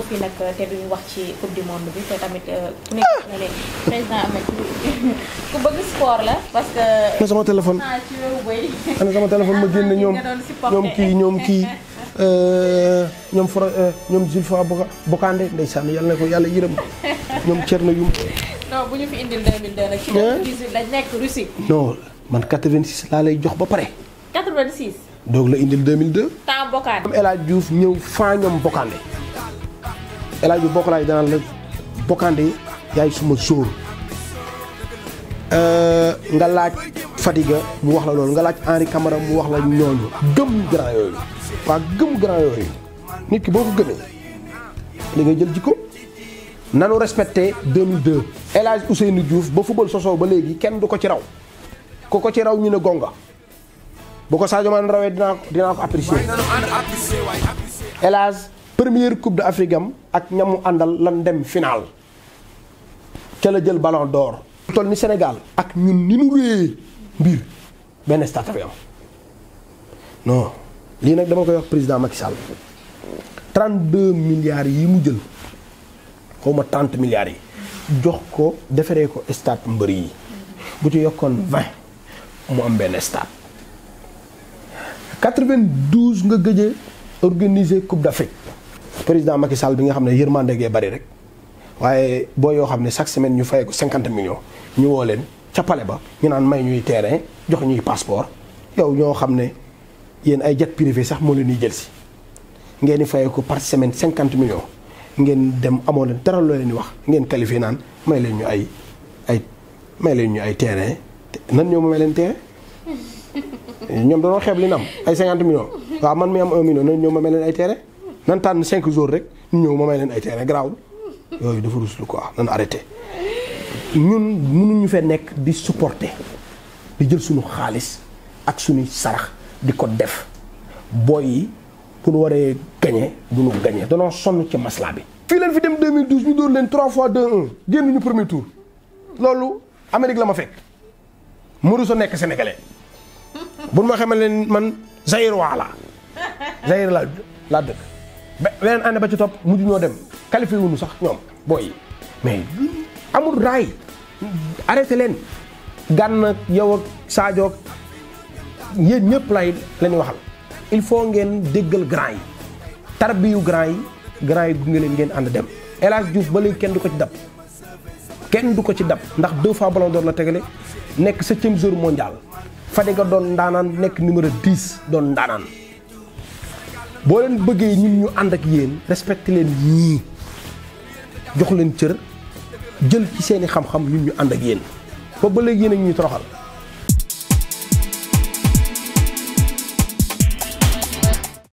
ñëw fii nag te duñu wax ci coupe du monde bi te tamit euh, ku bëgg sport la parce que. ana sama téléphone ah, ana sama téléphone ma génne ñoom ñoom kii ñoom kii euh, ñoom Fra euh, ñoom Zulfa Bokande ndeysaan yàlla na ko yàlla yërëm ñoom Thierno Youm. non bu ñu fi indil 2002 laa lay jox ba pare. doog la indil 2002. temps Bokande. am El ñëw faa ñoom Bokande. El Hadj Bokkalaay danaan la Bokande yaay suma sóor euh, nga laaj Fadiga mu wax la loolu nga laaj Henri Camara mu wax la ñooñu gëm grand yooyu waa gëm grand yooyu nit ki boo ko gëmee li ngay jël jikko nanu respecté 2002 El Hadj Ousseynou Diouf ba football sosoo ba léegi kenn du ko ci raw ku ko ci raw ñu ne gonga bu ko Sadio Mané rawee dinaa dinaa ko apprécier El première coupe d'Afrique am ak ñamu andal lan dem final ci la jël ballon d'or tol ni sénégal ak ñun ni nu wé bir ben stade am non li nak dama koy wax président Macky Sall 32 milliards yi mu jël xawma 30 milliards yi jox ko déféré ko stade mbeur yi bu ci yokkoon 20 mu am ben stade 92 nga gëjé organiser coupe d'afrique président Macky Sall bi nga xam ne yërmande gee bari rek waaye boo yoo xam ne chaque semaine ñu fay ko 50 millions ñu woo leen ca pale ba ñu naan may ñuy terrain jox ñuy passeport yow ñoo xam ne yéen ay jet privé sax moo leen di jël si ngeen di fay ko par semaine 50 millions ngeen dem amoo leen dara loo leen di wax ngeen qualifié naan may leen ñu ay ay may leen ñu ay terrain nan ñoo ma may leen terrain ñoom dañoo xeeb li ñu am ay 50 millions nan tànn 5 jours rek ñu ñëw ma may leen ay terrain garaawul yooyu dafa ruslu quoi nan arrêté ñun mënuñu fee nekk di supporter di jël suñu xaalis ak suñuy sarax di ko def booy yi pour waree gagner, du gagner. gagné danoo sonn ci maslaa bi. fii leen fi dem 2012 ñu dóor leen 3 fois 2-1 génn ñu premier tour loolu Amérique la ma fekk mënu sénégalais bu ma xamal leen man Zahir la Zaïre laa laa dëkk. ba beneen année ba ci topp mujj ñoo dem qualifié wuñu sax ñoom booy yi mais amul raay arrêté leen gànn ak yow ak Sadio ak ñëpp lay lañu waxal il faut ngeen déggal grand yi tarbiyu grand yi grand yi gunge leen ngeen ànd dem El Hadj ba léegi kenn du ko ci dab kenn du ko ci dab ndax deux fois ballon d'or la tegale nekk septième jour mondial Fadiga doon ndaanaan nekk numéro 10 doon ndaanaan boo leen bëggee ñun ñu ànd ak yéen respecté leen ñii jox leen cër jël ci seeni xam-xam ñun ñu ànd ak yéen ba ba léegi yéen a ñu toroxal